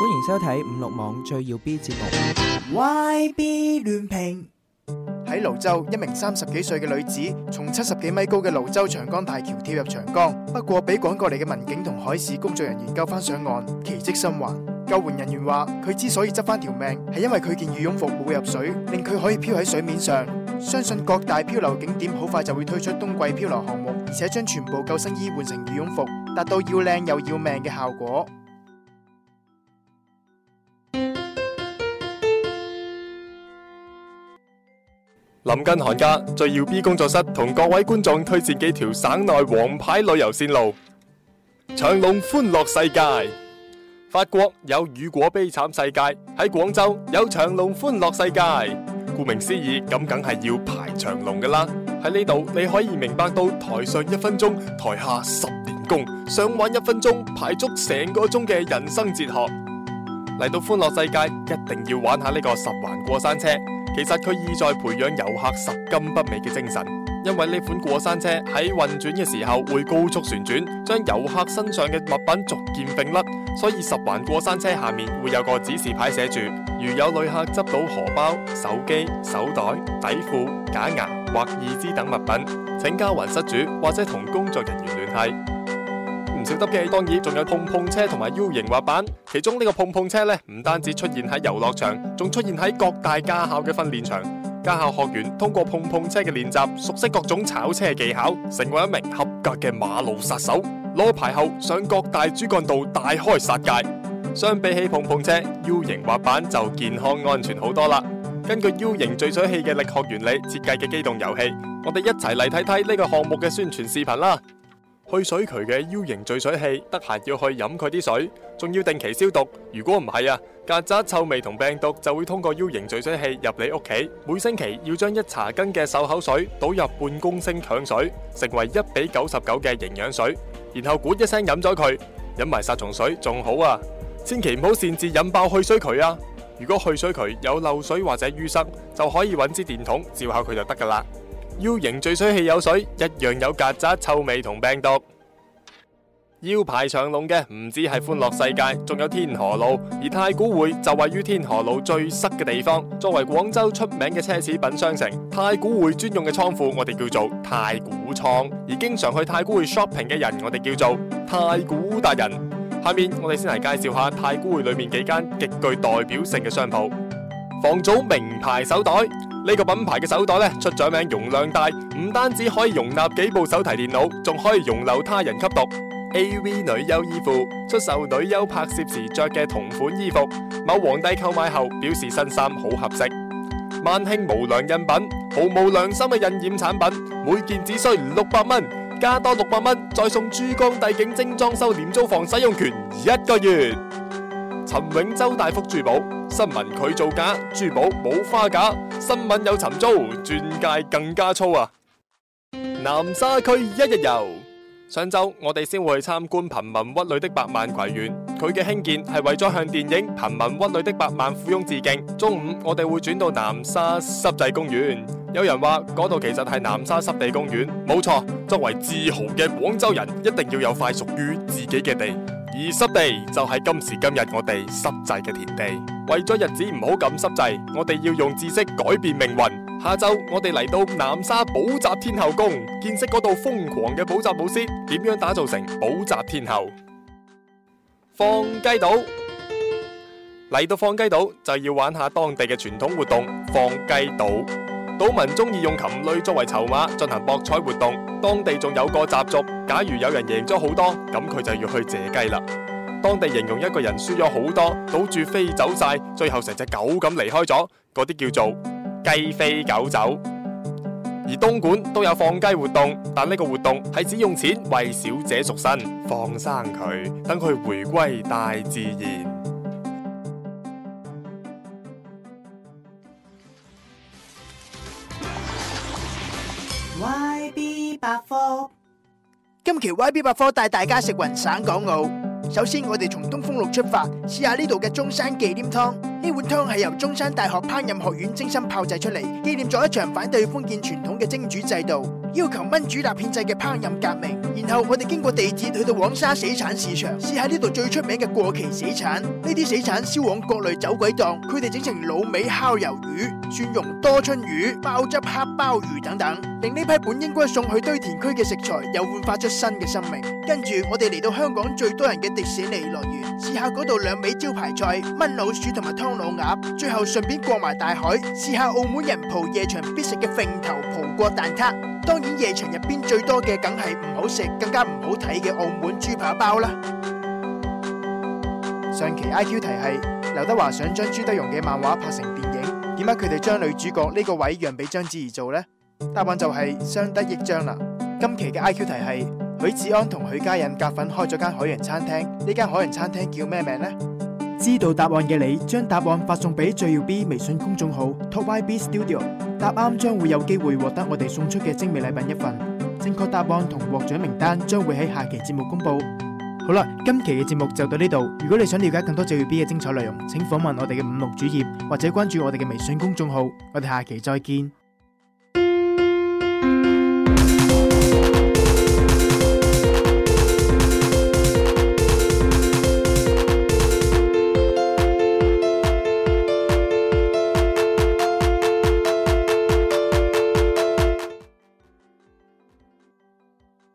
歡迎收睇五六網最要 B 節目 Y B 亂評喺瀘州，一名三十幾歲嘅女子從七十幾米高嘅瀘州長江大橋跳入長江，不過俾趕過嚟嘅民警同海事工作人員救翻上岸，奇蹟生還。救援人員話，佢之所以執翻條命，係因為佢件羽絨服冇入水，令佢可以漂喺水面上。相信各大漂流景點好快就會推出冬季漂流項目，而且將全部救生衣換成羽絨服，達到要靚又要命嘅效果。臨近寒假，最耀 B 工作室同各位觀眾推薦幾條省內王牌旅遊綫路。長隆歡樂世界，法國有雨果悲慘世界，喺廣州有長隆歡樂世界。顧名思義，咁梗係要排長龍噶啦。喺呢度你可以明白到台上一分鐘，台下十年功。想玩一分鐘，排足成個鐘嘅人生哲學。嚟到歡樂世界，一定要玩下呢個十環過山車。其實佢意在培養遊客拾金不昧嘅精神，因為呢款過山車喺運轉嘅時候會高速旋轉，將遊客身上嘅物品逐件並甩，所以拾還過山車下面會有個指示牌寫住：如有旅客執到荷包、手機、手袋、底褲、假牙或義肢等物品，請交還失主或者同工作人員聯繫。小德嘅，當然仲有碰碰車同埋 U 型滑板。其中呢個碰碰車咧，唔單止出現喺遊樂場，仲出現喺各大駕校嘅訓練場。駕校學員通過碰碰車嘅練習，熟悉各種炒車技巧，成為一名合格嘅馬路殺手。攞牌後上各大主幹道大開殺戒。相比起碰碰車，U 型滑板就健康安全好多啦。根據 U 型聚水器嘅力學原理設計嘅機動遊戲，我哋一齊嚟睇睇呢個項目嘅宣傳視頻啦。去水渠嘅 U 型聚水器，得閒要去飲佢啲水，仲要定期消毒。如果唔係啊，曱甴臭味同病毒就會通過 U 型聚水器入你屋企。每星期要將一茶羹嘅漱口水倒入半公升強水，成為一比九十九嘅營養水，然後咕一聲飲咗佢，飲埋殺蟲水仲好啊。千祈唔好擅自引爆去水渠啊！如果去水渠有漏水或者淤塞，就可以揾支電筒照下佢就得噶啦。要型聚水器有水，一樣有曱甴、臭味同病毒。要排長龍嘅唔止係歡樂世界，仲有天河路，而太古匯就位於天河路最塞嘅地方。作為廣州出名嘅奢侈品商城，太古匯專用嘅倉庫我哋叫做太古倉，而經常去太古匯 shopping 嘅人我哋叫做太古達人。下面我哋先嚟介紹下太古匯裏面幾間極具代表性嘅商鋪，房祖名牌手袋。呢個品牌嘅手袋呢，出咗名，容量大，唔單止可以容納幾部手提電腦，仲可以容留他人吸毒。AV 女優衣服出售，女優拍攝時着嘅同款衣服，某皇帝購買後表示新衫好合適。萬興無良印品，毫無良心嘅印染產品，每件只需六百蚊，加多六百蚊再送珠江帝景精裝修廉租房使用權一個月。陳永洲大福珠寶。新聞佢造假，珠寶冇花假，新聞有尋租，鑽戒更加粗啊！南沙區一日遊，上晝我哋先會參觀《貧民窟裏的百萬葵園》，佢嘅興建係為咗向電影《貧民窟裏的百萬富翁》致敬。中午我哋會轉到南沙濕滯公園。有人話嗰度其實係南沙濕地公園，冇錯。作為自豪嘅廣州人，一定要有塊屬於自己嘅地，而濕地就係今時今日我哋濕滯嘅田地。為咗日子唔好咁濕滯，我哋要用知識改變命運。下晝我哋嚟到南沙補習天后宮，見識嗰度瘋狂嘅補習老師，點樣打造成補習天后？放雞島。嚟到放雞島，就要玩下當地嘅傳統活動——放雞賭。島民中意用禽類作為籌碼進行博彩活動。當地仲有個習俗，假如有人贏咗好多，咁佢就要去借雞啦。當地形容一個人輸咗好多，賭注飛走晒，最後成隻狗咁離開咗，嗰啲叫做雞飛狗走。而東莞都有放雞活動，但呢個活動係只用錢為小姐贖身，放生佢，等佢回歸大自然。YB 百科，今期 YB 百科帶大家食匀省港澳。首先，我哋從東風路出發，試下呢度嘅中山忌廉湯。呢碗湯係由中山大學烹飪學院精心炮製出嚟，紀念咗一場反對封建傳統嘅蒸煮制度，要求炆煮辣片制嘅烹飪革命，然後我哋經過地鐵去到黃沙死產市場，試下呢度最出名嘅過期死產。呢啲死產銷往各類走鬼檔，佢哋整成滷味烤魷魚、蒜蓉多春魚、鮑汁黑鮑魚等等，令呢批本應該送去堆填區嘅食材又煥發出新嘅生命。跟住我哋嚟到香港最多人嘅迪士尼樂園，試下嗰度兩味招牌菜炆老鼠同埋湯老鴨。最後順便過埋大海，試下澳門人蒲夜場必食嘅鳳頭葡國蛋撻。當然，夜場入邊最多嘅梗係唔好食，更加唔好睇嘅澳門豬扒包啦。上期 I Q 題係劉德華想將朱德庸嘅漫畫拍成電影，點解佢哋將女主角呢個位讓俾章子怡做呢？答案就係相得益彰啦。今期嘅 I Q 題係許志安同許嘉穎夾份開咗間海洋餐廳，呢間海洋餐廳叫咩名呢？知道答案嘅你，將答案發送俾最耀 B 微信公眾號 Top Y B Studio。答啱將會有機會獲得我哋送出嘅精美禮品一份。正確答案同獲獎名單將會喺下期節目公布。好啦，今期嘅節目就到呢度。如果你想了解更多最耀 B 嘅精彩內容，請訪問我哋嘅五六主頁或者關注我哋嘅微信公眾號。我哋下期再見。